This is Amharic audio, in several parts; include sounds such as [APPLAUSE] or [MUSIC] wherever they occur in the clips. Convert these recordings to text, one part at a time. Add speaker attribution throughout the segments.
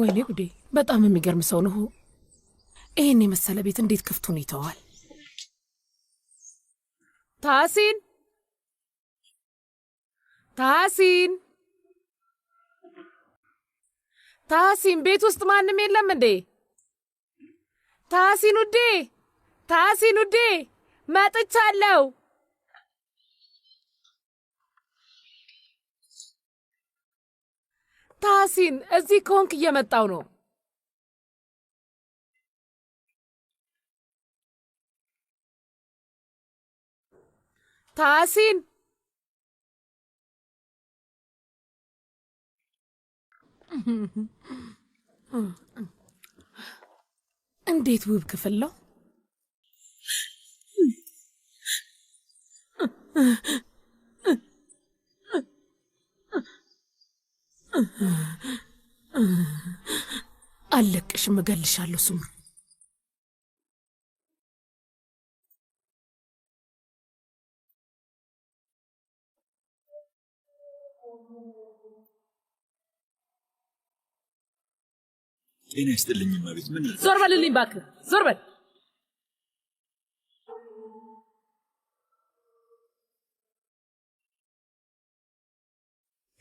Speaker 1: ወይኔ ጉዴ! በጣም የሚገርም ሰው ነው። ይህን የመሰለ ቤት እንዴት ክፍቱን ይተዋል?
Speaker 2: ታሲን ታሲን ታሲን፣ ቤት ውስጥ ማንም የለም እንዴ? ታሲን ውዴ፣ ታሲን ውዴ፣ መጥቻለሁ። ታሲን እዚህ ከሆንክ እየመጣው ነው። ታሲን
Speaker 1: እንዴት ውብ ክፍል ነው! አልለቅሽም፣ እገልሻለሁ ስሙ
Speaker 2: ጤና ይስጥልኝ እማቤት። ምን ዞር በልልኝ እባክህ፣ ዞር በል።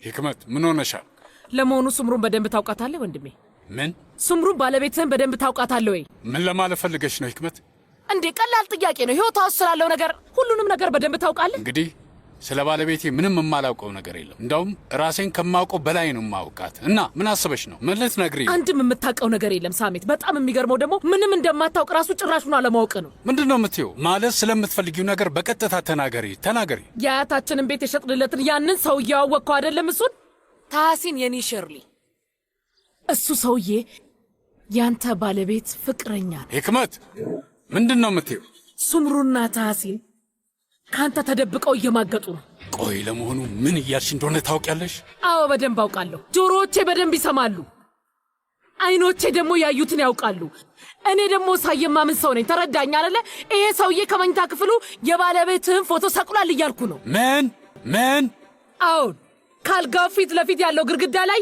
Speaker 3: ህክመት ምን ሆነሻል?
Speaker 2: ለመሆኑ ስምሩን በደንብ ታውቃታለህ ወንድሜ? ምን? ስምሩን ባለቤትህን በደንብ ታውቃታለህ ወይ?
Speaker 3: ምን ለማለት ፈልገሽ ነው ህክመት?
Speaker 2: እንዴ ቀላል ጥያቄ ነው። ህይወቷ ውስጥ ስላለው ነገር ሁሉንም ነገር በደንብ ታውቃለህ?
Speaker 3: እንግዲህ ስለ ባለቤቴ ምንም የማላውቀው ነገር የለም። እንዳውም ራሴን ከማውቀው በላይ ነው የማውቃት። እና ምን አስበሽ ነው? ምን ልትነግሪኝ?
Speaker 2: አንድም የምታውቀው ነገር የለም ሳሜት። በጣም የሚገርመው ደግሞ ምንም እንደማታውቅ ራሱ ጭራሹን አለማወቅ ነው።
Speaker 3: ምንድን ነው የምትይው? ማለት ስለምትፈልጊው ነገር በቀጥታ ተናገሪ፣ ተናገሪ።
Speaker 2: የአያታችንን ቤት የሸጥንለትን ያንን ሰው እያዋወቅከው አይደለም እሱን
Speaker 1: ታሐሲን የኒ ሸርሊ፣ እሱ ሰውዬ ያንተ ባለቤት ፍቅረኛ
Speaker 3: ነው። ህክመት፣ ምንድን ነው የምትይው?
Speaker 1: ሱምሩና ታሐሲን ከአንተ ተደብቀው እየማገጡ ነው።
Speaker 3: ቆይ ለመሆኑ ምን እያልሽ እንደሆነ ታውቂያለሽ?
Speaker 2: አዎ በደንብ አውቃለሁ። ጆሮዎቼ በደንብ ይሰማሉ፣ አይኖቼ ደግሞ ያዩትን ያውቃሉ። እኔ ደግሞ ሳየማምን ሰው ነኝ። ተረዳኝ አለ። ይሄ ሰውዬ ከመኝታ ክፍሉ የባለቤትህን ፎቶ ሰቅሏል እያልኩ ነው።
Speaker 3: ምን ምን?
Speaker 2: አዎን ካልጋው ፊት ለፊት ያለው ግድግዳ ላይ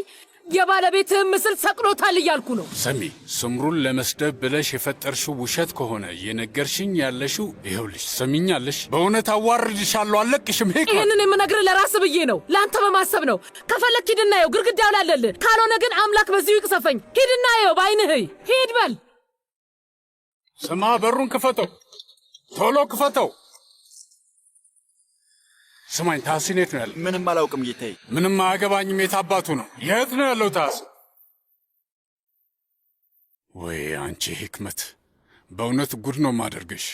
Speaker 2: የባለቤትህን ምስል ሰቅሎታል እያልኩ ነው።
Speaker 3: ስሚ፣ ስምሩን ለመስደብ ብለሽ የፈጠርሽው ውሸት ከሆነ የነገርሽኝ ያለሽው ይኸውልሽ፣ ሰሚኛለሽ፣ በእውነት አዋርድሻለሁ፣ አለቅሽም። ሄ
Speaker 2: ይህንን የምነግርህ ለራስ ብዬ ነው፣ ለአንተ በማሰብ ነው። ከፈለግ ሂድና የው ግድግዳው ላለልህ፣ ካልሆነ ግን አምላክ በዚሁ ይቅሰፈኝ። ሂድና የው በአይንህ ሂድ በል።
Speaker 3: ስማ፣ በሩን ክፈተው፣ ቶሎ ክፈተው። ስማኝ ታሲን የት ነው ያለው?
Speaker 4: ምንም አላውቅም ጌታዬ።
Speaker 3: ምንም አያገባኝም። የት አባቱ ነው? የት ነው ያለው ታሲ? ወይ አንቺ ህክመት፣ በእውነት ጉድ ነው ማደርግሽ።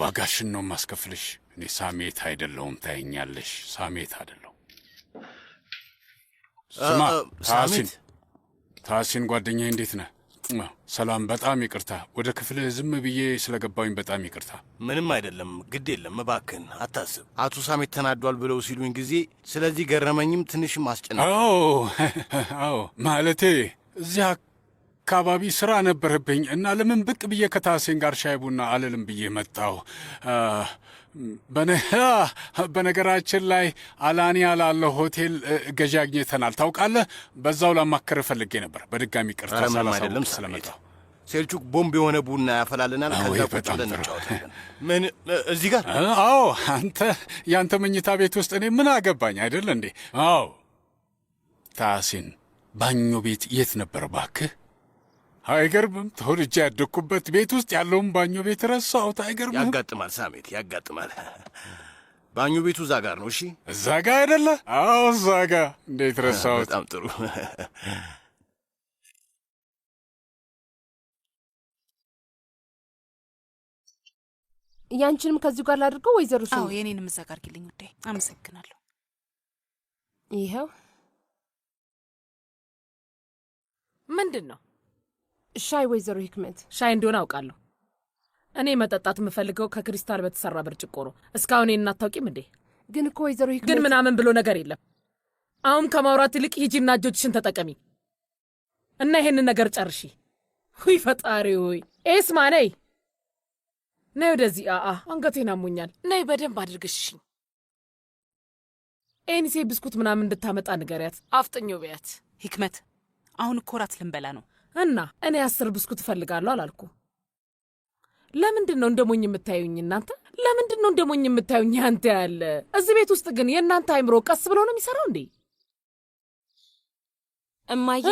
Speaker 3: ዋጋሽን ነው ማስከፍልሽ። እኔ ሳሜት አይደለሁም ታይኛለሽ። ሳሜት አይደለሁ። ስማ ታሲን፣ ታሲን ጓደኛዬ፣ እንዴት ነህ? ሰላም፣ በጣም ይቅርታ። ወደ ክፍል ዝም ብዬ ስለገባውኝ በጣም ይቅርታ።
Speaker 4: ምንም አይደለም፣ ግድ የለም፣ እባክን አታስብ። አቶ ሳሜት ተናዷል ብለው ሲሉኝ ጊዜ ስለዚህ ገረመኝም ትንሽም አስጨና
Speaker 3: [LAUGHS] አዎ ማለቴ እዚያ አካባቢ ስራ ነበረብኝ እና ለምን ብቅ ብዬ ከታሴን ጋር ሻይ ቡና አልልም ብዬ መጣው። በነገራችን ላይ አላኒያ ላለው ሆቴል ገዢ አግኝተናል ታውቃለህ። በዛው ላማከር ፈልጌ ነበር። በድጋሚ ቅርታ አይደለም ስለመጣሁ።
Speaker 4: ሴልቹክ ቦምብ የሆነ ቡና ያፈላልናል።
Speaker 3: ከዛ ቁጭ እንጫወታለን።
Speaker 4: ምን እዚህ ጋር?
Speaker 3: አዎ አንተ ያንተ መኝታ ቤት ውስጥ እኔ ምን አገባኝ አይደል እንዴ? አዎ ታሲን ባኞ ቤት የት ነበር ባክህ? አይገርምም? ተወልጄ ያደግኩበት ቤት ውስጥ ያለውን ባኞ ቤት ረሳሁት። አይገርምም?
Speaker 4: ያጋጥማል ሳሜት፣ ያጋጥማል። ባኞ ቤቱ እዛ ጋር ነው። እሺ፣
Speaker 3: እዛ ጋር አይደለ? አዎ፣ እዛ ጋር። እንዴት ረሳሁት? በጣም ጥሩ።
Speaker 1: ያንቺንም ከዚሁ ጋር ላድርገው ወይዘሮ?
Speaker 2: አዎ፣ የኔን እዛ ውዴ። አመሰግናለሁ። ይኸው ምንድን ነው
Speaker 1: ሻይ ወይዘሮ ሂክመት
Speaker 2: ሻይ እንደሆነ አውቃለሁ። እኔ መጠጣት የምፈልገው ከክሪስታል በተሰራ ብርጭቆ ነው። እስካሁን ይህን እንዴ?
Speaker 1: ግን እኮ ወይዘሮ ሂክመት
Speaker 2: ግን ምናምን ብሎ ነገር የለም። አሁን ከማውራት ይልቅ ሂጂና እጆችሽን ተጠቀሚ እና ይሄንን ነገር ጨርሺ። ሁይ ፈጣሪ ሆይ! ኤስማ ነይ ነይ ወደዚህ። አአ አንገቴን አሞኛል። ነይ በደንብ አድርግሽሽኝ። ኤኒሴ ብስኩት ምናምን እንድታመጣ ንገሪያት። አፍጥኞ ብያት።
Speaker 1: ሂክመት አሁን እኮ ልንበላ ነው
Speaker 2: እና እኔ አስር ብስኩት እፈልጋለሁ አላልኩ? ለምንድን ነው እንደሞኝ የምታዩኝ እናንተ? ለምንድን ነው እንደሞኝ የምታዩኝ አንተ? ያለ እዚህ ቤት ውስጥ ግን የእናንተ አይምሮ ቀስ ብሎ ነው የሚሰራው እንዴ?
Speaker 1: እማዬ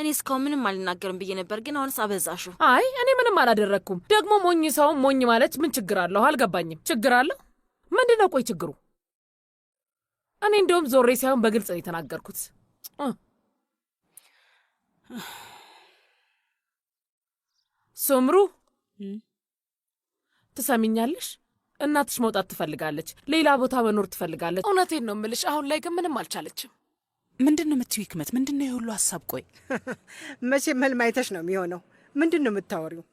Speaker 1: እኔ እስካሁን ምንም አልናገርም ብዬ ነበር፣ ግን አሁንስ ሳበዛሹ
Speaker 2: አይ እኔ ምንም አላደረግኩም። ደግሞ ሞኝ ሰውም ሞኝ ማለት ምን ችግር አለሁ? አልገባኝም። ችግር አለሁ? ምንድን ነው ቆይ ችግሩ? እኔ እንደውም ዞሬ ሳይሆን በግልጽ ነው የተናገርኩት። ስምሩ ትሰሚኛለሽ? እናትሽ መውጣት ትፈልጋለች፣ ሌላ ቦታ መኖር ትፈልጋለች። እውነቴን ነው የምልሽ። አሁን ላይ ግን ምንም አልቻለችም።
Speaker 1: ምንድን ነው የምትይው ህክመት? ምንድን ነው የሁሉ ሀሳብ? ቆይ [LAUGHS]
Speaker 5: መቼም ህልም አይተሽ ነው የሚሆነው። ምንድን ነው የምታወሪው?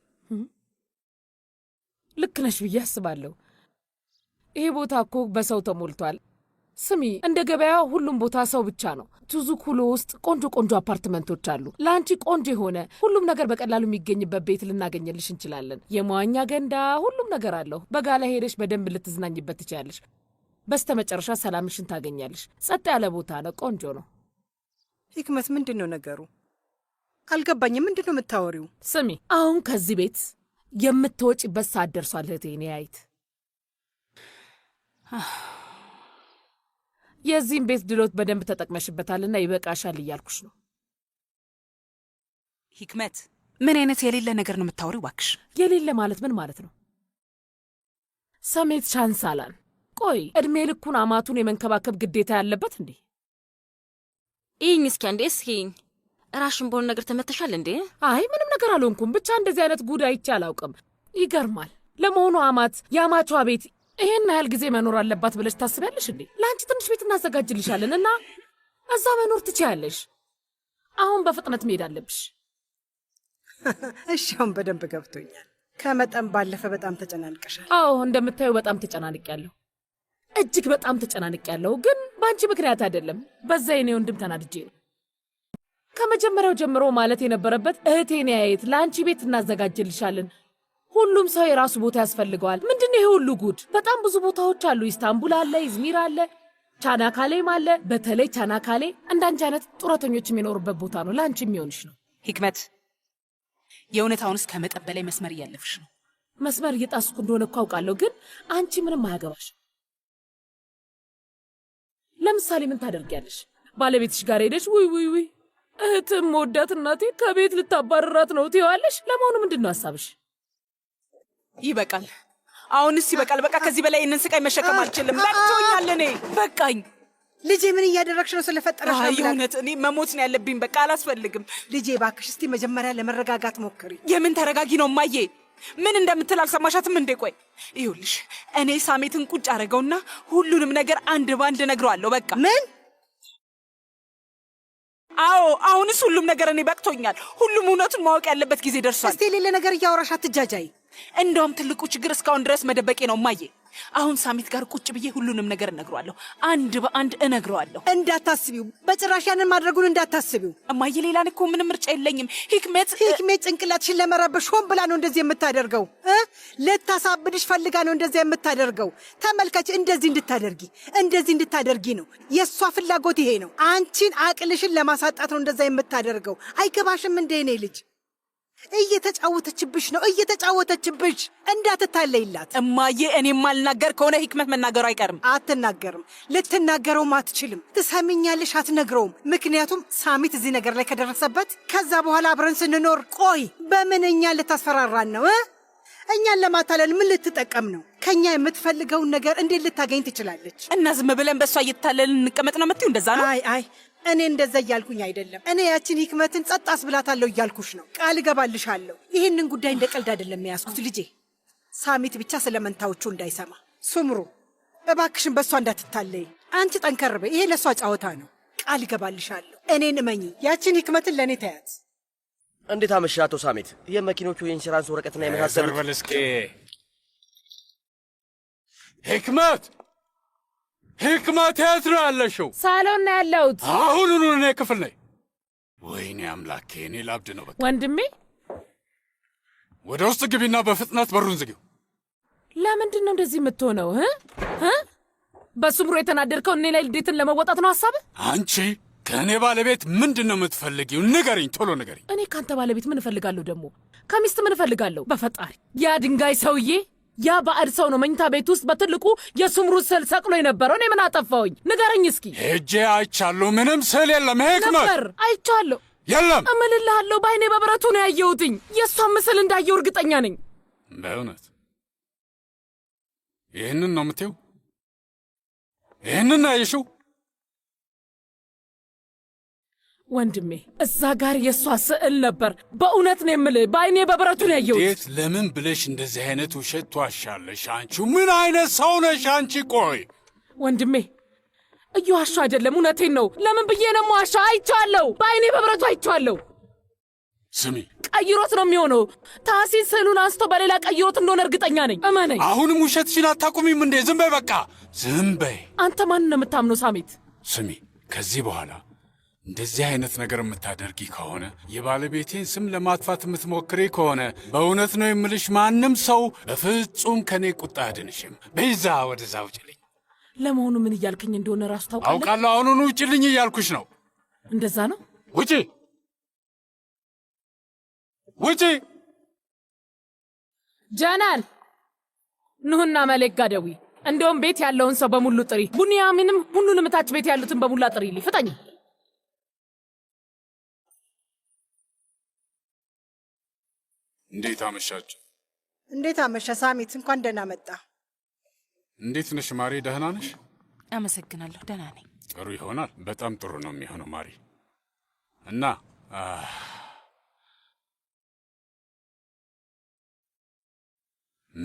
Speaker 2: ልክ ነሽ ብዬ አስባለሁ። ይሄ ቦታ እኮ በሰው ተሞልቷል። ስሚ እንደ ገበያ ሁሉም ቦታ ሰው ብቻ ነው። ኩሎ ውስጥ ቆንጆ ቆንጆ አፓርትመንቶች አሉ። ለአንቺ ቆንጆ የሆነ ሁሉም ነገር በቀላሉ የሚገኝበት ቤት ልናገኝልሽ እንችላለን። የመዋኛ ገንዳ፣ ሁሉም ነገር አለው። በጋላ ሄደሽ በደንብ ልትዝናኝበት ትችላለሽ። በስተ መጨረሻ ሰላምሽን ታገኛለሽ። ጸጥ ያለ ቦታ ነው። ቆንጆ ነው።
Speaker 1: ሂክመት፣ ምንድን ነው ነገሩ? አልገባኝም። ምንድን ነው የምታወሪው?
Speaker 2: ስሚ አሁን ከዚህ ቤት የምትወጪበት ሰዓት ደርሷል እህቴ። እኔ አይት የዚህም ቤት ድሎት በደንብ ተጠቅመሽበታልና ይበቃሻል እያልኩሽ ነው።
Speaker 1: ሂክመት፣ ምን አይነት የሌለ ነገር ነው የምታወሪው? እባክሽ
Speaker 2: የሌለ ማለት ምን ማለት ነው? ሰሜት ቻንስ ቆይ እድሜ ልኩን አማቱን የመንከባከብ ግዴታ ያለበት እንዴ?
Speaker 1: ይህኝ እስኪ አንዴ እስኪኝ ራሽን በሆነ ነገር ተመተሻል እንዴ?
Speaker 2: አይ ምንም ነገር አልሆንኩም። ብቻ እንደዚህ አይነት ጉድ አይቼ አላውቅም። ይገርማል። ለመሆኑ አማት የአማቿ ቤት ይሄን ያህል ጊዜ መኖር አለባት ብለሽ ታስቢያለሽ እንዴ? ለአንቺ ትንሽ ቤት እናዘጋጅልሻለን እና እዛ መኖር ትችያለሽ። አሁን በፍጥነት መሄድ አለብሽ።
Speaker 5: [LAUGHS] እሺ፣ አሁን በደንብ ገብቶኛል። ከመጠን ባለፈ በጣም ተጨናንቀሻል።
Speaker 2: አዎ፣ እንደምታዩ በጣም ተጨናንቄያለሁ። እጅግ በጣም ተጨናንቄያለሁ። ግን በአንቺ ምክንያት አይደለም፣ በዛ የኔ ወንድም ተናድጄ ነው። ከመጀመሪያው ጀምሮ ማለት የነበረበት እህቴን ያየት ለአንቺ ቤት እናዘጋጅልሻለን ሁሉም ሰው የራሱ ቦታ ያስፈልገዋል። ምንድነው ይሄ ሁሉ ጉድ? በጣም ብዙ ቦታዎች አሉ። ኢስታንቡል አለ፣ ኢዝሚር አለ፣ ቻናካሌም አለ። በተለይ ቻናካሌ እንዳንቺ አይነት ጡረተኞች የሚኖሩበት ቦታ ነው። ለአንቺ የሚሆንሽ ነው።
Speaker 1: ሂክመት፣ የእውነታውንስ ከመጠን በላይ መስመር እያለፍሽ ነው።
Speaker 2: መስመር እየጣስኩ እንደሆነ እኮ አውቃለሁ፣ ግን አንቺ ምንም አያገባሽ። ለምሳሌ ምን ታደርጊያለሽ? ባለቤትሽ ጋር ሄደሽ ውይ ውይ ውይ እህትም ወዳት እናቴ ከቤት ልታባረራት ነው ትይዋለሽ። ለመሆኑ ምንድን ነው ሀሳብሽ?
Speaker 1: ይበቃል። አሁንስ ይበቃል። በቃ ከዚህ በላይ ይህንን ስቃይ መሸከም አልችልም። በቅቶኛል። እኔ በቃኝ።
Speaker 2: ልጄ ምን እያደረግሽ ነው? ስለፈጠረሽ
Speaker 1: ነው። የእውነት እኔ መሞት ነው ያለብኝ። በቃ አላስፈልግም።
Speaker 2: ልጄ ባክሽ፣ እስቲ መጀመሪያ ለመረጋጋት ሞክሪ።
Speaker 1: የምን ተረጋጊ ነው ማዬ? ምን እንደምትል አልሰማሻትም እንዴ? ቆይ ይኸውልሽ፣ እኔ ሳሜትን ቁጭ አደረገውና ሁሉንም ነገር አንድ ባንድ ነግረዋለሁ። በቃ ምን አዎ አሁንስ ሁሉም ነገር እኔ በቅቶኛል። ሁሉም እውነቱን ማወቅ ያለበት ጊዜ ደርሷል።
Speaker 2: እስቲ የሌለ ነገር እያወራሽ አትጃጃይ።
Speaker 1: እንደውም ትልቁ ችግር እስካሁን ድረስ መደበቄ ነው ማየ አሁን ሳሚት ጋር ቁጭ ብዬ ሁሉንም ነገር እነግረዋለሁ። አንድ በአንድ እነግረዋለሁ።
Speaker 2: እንዳታስቢው፣ በጭራሽ ያንን ማድረጉን እንዳታስቢው እማዬ። ሌላን እኮ ምንም ምርጫ የለኝም። ሂክመት
Speaker 5: ሂክሜት ጭንቅላትሽን ለመረበሽ ሆን ብላ ነው እንደዚህ የምታደርገው። ልታሳብድሽ ፈልጋ ነው እንደዚህ የምታደርገው። ተመልካች እንደዚህ እንድታደርጊ እንደዚህ እንድታደርጊ ነው የእሷ ፍላጎት። ይሄ ነው አንቺን አቅልሽን ለማሳጣት ነው እንደዛ የምታደርገው። አይገባሽም እንደ እኔ ልጅ እየተጫወተችብሽ ነው፣ እየተጫወተችብሽ። እንዳትታለይላት
Speaker 1: እማዬ። እኔም ማልናገር ከሆነ ህክመት መናገሩ አይቀርም።
Speaker 5: አትናገርም፣ ልትናገረውም አትችልም። ትሰሚኛለሽ? አትነግረውም። ምክንያቱም ሳሚት እዚህ ነገር ላይ ከደረሰበት ከዛ በኋላ አብረን ስንኖር፣ ቆይ በምን እኛ ልታስፈራራን ነው? እኛን ለማታለል ምን ልትጠቀም ነው? ከኛ የምትፈልገውን ነገር እንዴት ልታገኝ ትችላለች?
Speaker 1: እና ዝም ብለን በእሷ እየተታለልን እንቀመጥ ነው የምትይው? እንደዛ
Speaker 5: ነው? አይ አይ እኔ እንደዛ እያልኩኝ አይደለም። እኔ ያችን ህክመትን ጸጥ አስብላታለሁ እያልኩሽ ነው። ቃል እገባልሻለሁ። ይህንን ጉዳይ እንደ ቀልድ አይደለም የያዝኩት። ልጄ ሳሚት ብቻ ስለ መንታዎቹ እንዳይሰማ። ሱምሩ እባክሽን በእሷ እንዳትታለይ። አንቺ ጠንከር በይ። ይሄ ለእሷ ጫወታ ነው። ቃል እገባልሻለሁ። እኔን እመኚ። ያችን ህክመትን ለእኔ ተያዝ።
Speaker 4: እንዴት አመሻ አቶ ሳሚት? የመኪኖቹ የኢንሹራንስ ወረቀትና የመሳሰሉት
Speaker 3: ህክመት ሂክማ ቲያትር ያለሽው
Speaker 2: ሳሎን ያለውት
Speaker 3: አሁን ኑ እኔ ክፍል ነኝ። ወይኔ አምላኬ፣ እኔ ላብድ ነው። በቃ ወንድሜ፣ ወደ ውስጥ ግቢና በፍጥነት በሩን ዝጊው።
Speaker 2: ለምንድን ነው እንደዚህ የምትሆነው? በሱ ብሮ የተናደድከው እኔ ላይ ልዴትን ለመወጣት ነው ሀሳብ?
Speaker 3: አንቺ ከእኔ ባለቤት ምንድን ነው የምትፈልጊው? ንገሪኝ፣ ቶሎ ንገሪኝ።
Speaker 2: እኔ ከአንተ ባለቤት ምን እፈልጋለሁ? ደግሞ ከሚስት ምን እፈልጋለሁ? በፈጣሪ ያ ድንጋይ ሰውዬ ያ ባዕድ ሰው ነው መኝታ ቤት ውስጥ በትልቁ የስምሩ ስዕል ሰቅሎ የነበረው። እኔ ምን አጠፋውኝ? ንገረኝ እስኪ።
Speaker 3: ሄጄ አይቻለሁ። ምንም ስዕል የለም። ነበር አይቻለሁ። የለም
Speaker 2: ሄክመር አይቻለሁ የለም እምልልሃለሁ በአይኔ በብረቱ ነው ያየሁትኝ። የእሷን ምስል እንዳየው እርግጠኛ ነኝ።
Speaker 3: በእውነት ይህንን ነው የምትይው? ይህንን ነው ያየሽው?
Speaker 2: ወንድሜ እዛ ጋር የእሷ ስዕል ነበር። በእውነት ነው የምልህ፣ በአይኔ በብረቱ ነው ያየሁት።
Speaker 3: እንዴት ለምን ብለሽ እንደዚህ አይነት ውሸት ትዋሻለሽ? አንቺ ምን አይነት ሰው ነሽ አንቺ? ቆይ
Speaker 2: ወንድሜ እየዋሻ አይደለም፣ እውነቴን ነው። ለምን ብዬ ነው ዋሻ? አይቼዋለሁ፣ በአይኔ በብረቱ አይቼዋለሁ። ስሚ፣ ቀይሮት ነው የሚሆነው። ታሲ ስዕሉን አንስቶ በሌላ ቀይሮት እንደሆነ እርግጠኛ ነኝ። እመነኝ።
Speaker 3: አሁንም ውሸትሽን አታቁሚም እንዴ? ዝም በይ፣ በቃ ዝም በይ።
Speaker 2: አንተ ማንን ነው የምታምነው? ሳሜት፣
Speaker 3: ስሚ ከዚህ በኋላ እንደዚህ አይነት ነገር የምታደርጊ ከሆነ የባለቤቴን ስም ለማጥፋት የምትሞክሬ ከሆነ በእውነት ነው የምልሽ፣ ማንም ሰው በፍጹም ከእኔ ቁጣ አድንሽም። ቤዛ ወደዛ ውጭልኝ።
Speaker 2: ለመሆኑ ምን እያልክኝ እንደሆነ ራሱ ታውቃለህ?
Speaker 3: አውቃለሁ። አሁኑኑ ውጭልኝ እያልኩሽ ነው። እንደዛ ነው። ውጪ! ውጪ!
Speaker 2: ጀነራል ኑህና መሌክ ጋር እንደውም ቤት ያለውን ሰው በሙሉ ጥሪ። ቡኒያሚንም ሁሉንም እታች ቤት ያሉትን በሙላ ጥሪ። ፍጠኝ
Speaker 3: እንዴት አመሻችሁ።
Speaker 5: እንዴት አመሻ ሳሚት፣ እንኳን ደህና መጣ።
Speaker 3: እንዴት ነሽ ማሬ? ደህና ነሽ?
Speaker 1: አመሰግናለሁ፣ ደህና ነኝ።
Speaker 3: ጥሩ ይሆናል። በጣም ጥሩ ነው የሚሆነው ማሬ። እና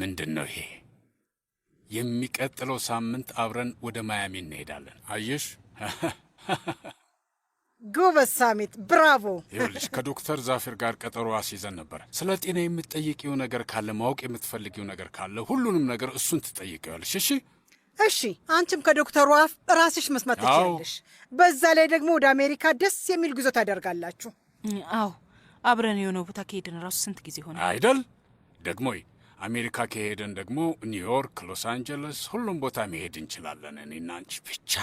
Speaker 3: ምንድን ነው ይሄ? የሚቀጥለው ሳምንት አብረን ወደ ማያሚ እንሄዳለን። አየሽ [LAUGHS]
Speaker 5: ጎበዝ ሳሚት ብራቮ።
Speaker 3: ይኸውልሽ ከዶክተር ዛፌር ጋር ቀጠሮ አስይዘን ነበር። ስለ ጤና የምትጠይቂው ነገር ካለ፣ ማወቅ የምትፈልጊው ነገር ካለ፣ ሁሉንም ነገር እሱን ትጠይቂዋለሽ። እሺ
Speaker 5: እሺ። አንቺም ከዶክተሩ አፍ ራስሽ መስማት ትችላለሽ። በዛ ላይ ደግሞ ወደ አሜሪካ ደስ የሚል ጉዞ ታደርጋላችሁ።
Speaker 2: አዎ አብረን የሆነ ቦታ ከሄድን ራሱ ስንት ጊዜ ሆነ
Speaker 3: አይደል? ደግሞ አሜሪካ ከሄደን ደግሞ ኒውዮርክ፣ ሎስ አንጀለስ፣ ሁሉም ቦታ መሄድ እንችላለን። እኔና አንቺ ብቻ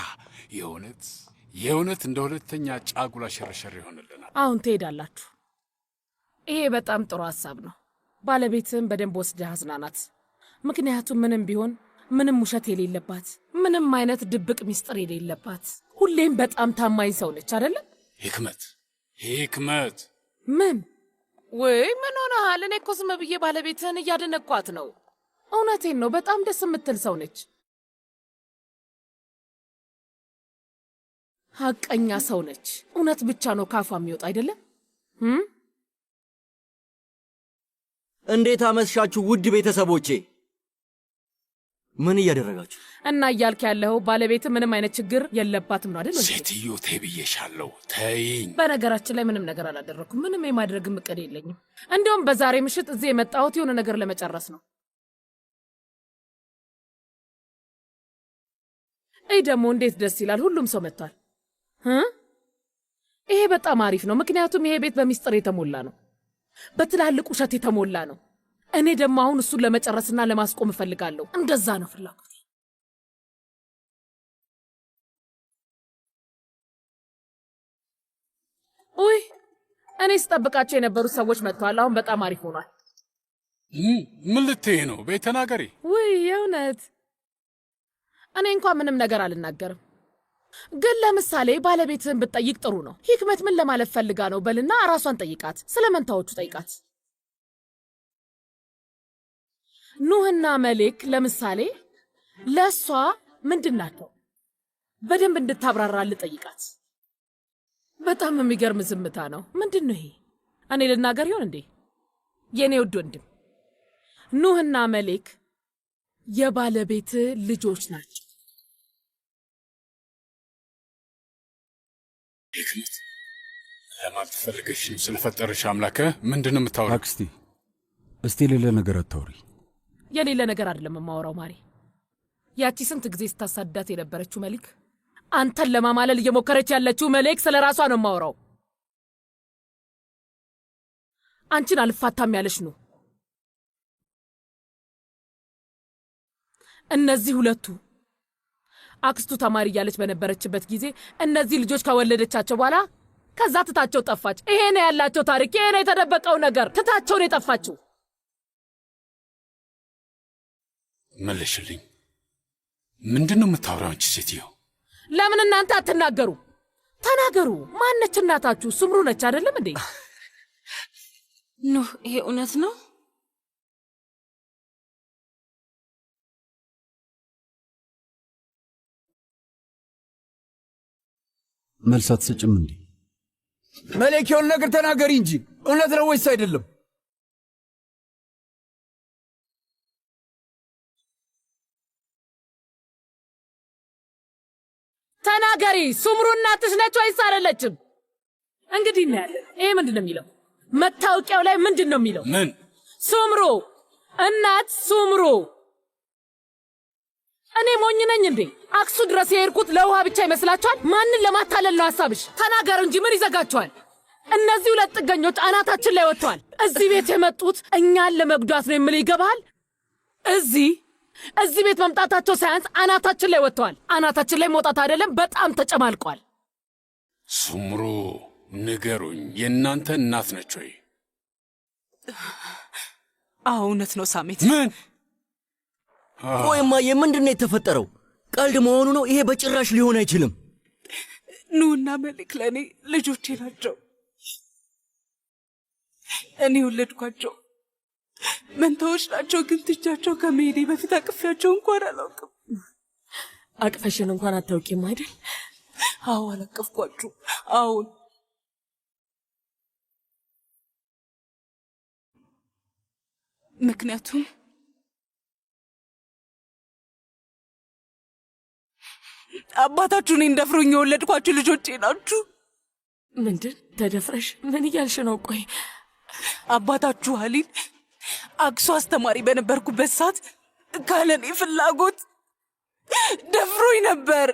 Speaker 3: የእውነት የእውነት እንደ ሁለተኛ ጫጉላ ሸርሸር ይሆንልናል።
Speaker 2: አሁን ትሄዳላችሁ። ይሄ በጣም ጥሩ ሀሳብ ነው። ባለቤትህን በደንብ ወስደህ አዝናናት። ምክንያቱም ምንም ቢሆን ምንም ውሸት የሌለባት ምንም አይነት ድብቅ ሚስጥር የሌለባት ሁሌም በጣም ታማኝ ሰው ነች አደለም?
Speaker 3: ህክመት ህክመት
Speaker 2: ምን ወይ ምን ሆነሃል? እኔ እኮ ዝም ብዬ ባለቤትህን እያደነኳት ነው። እውነቴን ነው። በጣም ደስ የምትል ሰው ነች። ሐቀኛ ሰው ነች። እውነት ብቻ ነው ካፏ የሚወጣ አይደለም።
Speaker 4: እንዴት አመሻችሁ ውድ ቤተሰቦቼ። ምን እያደረጋችሁ
Speaker 2: እና እያልክ ያለው ባለቤት ምንም አይነት ችግር የለባትም ነው አይደል?
Speaker 3: ሴትዮ ተይ ብዬሻለሁ፣ ተይኝ።
Speaker 2: በነገራችን ላይ ምንም ነገር አላደረኩም። ምንም የማድረግም እቅድ የለኝም። እንዲሁም በዛሬ ምሽት እዚህ የመጣሁት የሆነ ነገር ለመጨረስ ነው። ይህ ደግሞ እንዴት ደስ ይላል! ሁሉም ሰው መጥቷል። ይሄ በጣም አሪፍ ነው፣ ምክንያቱም ይሄ ቤት በሚስጥር የተሞላ ነው፣ በትላልቅ ውሸት የተሞላ ነው። እኔ ደግሞ አሁን እሱን ለመጨረስና ለማስቆም እፈልጋለሁ። እንደዛ ነው ፍላጎት። ውይ እኔ ስጠብቃቸው የነበሩት ሰዎች መጥተዋል። አሁን በጣም አሪፍ ሆኗል።
Speaker 3: ምን ልትይ ነው? ቤት ተናገሪ።
Speaker 2: ውይ የእውነት እኔ እንኳን ምንም ነገር አልናገርም። ግን ለምሳሌ ባለቤትህን ብትጠይቅ ጥሩ ነው። ሂክመት ምን ለማለት ፈልጋ ነው በልና ራሷን ጠይቃት። ስለ መንታዎቹ ጠይቃት። ኑህና መሌክ ለምሳሌ ለእሷ ምንድን ናቸው? በደንብ እንድታብራራ ጠይቃት። በጣም የሚገርም ዝምታ ነው። ምንድን ነው ይሄ? እኔ ልናገር ይሆን እንዴ? የእኔ ውድ ወንድም ኑህና መሌክ የባለቤት ልጆች ናቸው።
Speaker 3: ሂክመት ለማለት ፈልገሽ ነው? ስለፈጠረሽ አምላከ ምንድን ነው የምታወራው?
Speaker 6: አክስቴ እስቲ የሌለ ነገር አታውሪ።
Speaker 2: የሌለ ነገር አይደለም የማወራው ማሬ ያቺ ስንት ጊዜ ስታሳዳት የነበረችው መልክ፣ አንተን ለማማለል እየሞከረች ያለችው መልክ፣ ስለ ራሷ ነው የማወራው። አንቺን አልፋታም ያለች ነው። እነዚህ ሁለቱ አክስቱ ተማሪ እያለች በነበረችበት ጊዜ እነዚህ ልጆች ከወለደቻቸው በኋላ ከዛ ትታቸው ጠፋች። ይሄ ነው ያላቸው ታሪክ፣ ይሄ ነው የተደበቀው ነገር። ትታቸውን የጠፋችው
Speaker 3: መለሽልኝ ምንድን ነው የምታወራው አንቺ ሴትዮ?
Speaker 2: ለምን እናንተ አትናገሩ? ተናገሩ። ማነች እናታችሁ? ስምሩ ነች አይደለም እንዴ?
Speaker 1: ኑህ፣ ይሄ እውነት ነው?
Speaker 6: መልስ አትሰጭም እንዴ?
Speaker 4: መለኪያውን ነገር ተናገሪ እንጂ እውነት ነው ወይስ አይደለም?
Speaker 2: ተናገሪ። ሱምሩ እናትሽ ነች ወይስ አይደለችም? እንግዲህ እናያለን። ይሄ ምንድን ነው የሚለው? መታወቂያው ላይ ምንድን ነው የሚለው? ምን ሱምሩ እናት ሱምሩ እኔ ሞኝ ነኝ እንዴ? አክሱ ድረስ የሄድኩት ለውሃ ብቻ ይመስላችኋል? ማንን ለማታለል ነው ሐሳብሽ? ተናገር እንጂ ምን ይዘጋችኋል? እነዚህ ሁለት ጥገኞች አናታችን ላይ ወጥተዋል። እዚህ ቤት የመጡት እኛን ለመጉዳት ነው የምልህ ይገባሃል? እዚህ እዚህ ቤት መምጣታቸው ሳያንስ አናታችን ላይ ወጥተዋል። አናታችን ላይ መውጣት አይደለም በጣም ተጨማልቋል።
Speaker 3: ሱምሩ ንገሩኝ፣ የእናንተ እናት ነች ወይ?
Speaker 1: እውነት ነው ሳሜት
Speaker 3: ምን
Speaker 4: ቆይማ የምንድን ነው የተፈጠረው? ቀልድ መሆኑ ነው? ይሄ በጭራሽ ሊሆን አይችልም።
Speaker 1: ኑና መልክ ለእኔ ልጆቼ ናቸው። እኔ ወለድኳቸው መንታዎች ናቸው። ግን ትቻቸው ከመሄዴ በፊት አቅፊያቸው እንኳን አላውቅም። አቅፈሽን እንኳን አታውቂም አይደል? አዎ አላቀፍኳችሁ። አሁን ምክንያቱም አባታችሁ እኔን ደፍሮኝ የወለድኳችሁ ልጆቼ ናችሁ። ምንድን ተደፍረሽ? ምን እያልሽ ነው? ቆይ አባታችሁ አሊል አክሱ አስተማሪ በነበርኩበት ሰዓት ካለኔ ፍላጎት ደፍሮኝ ነበር።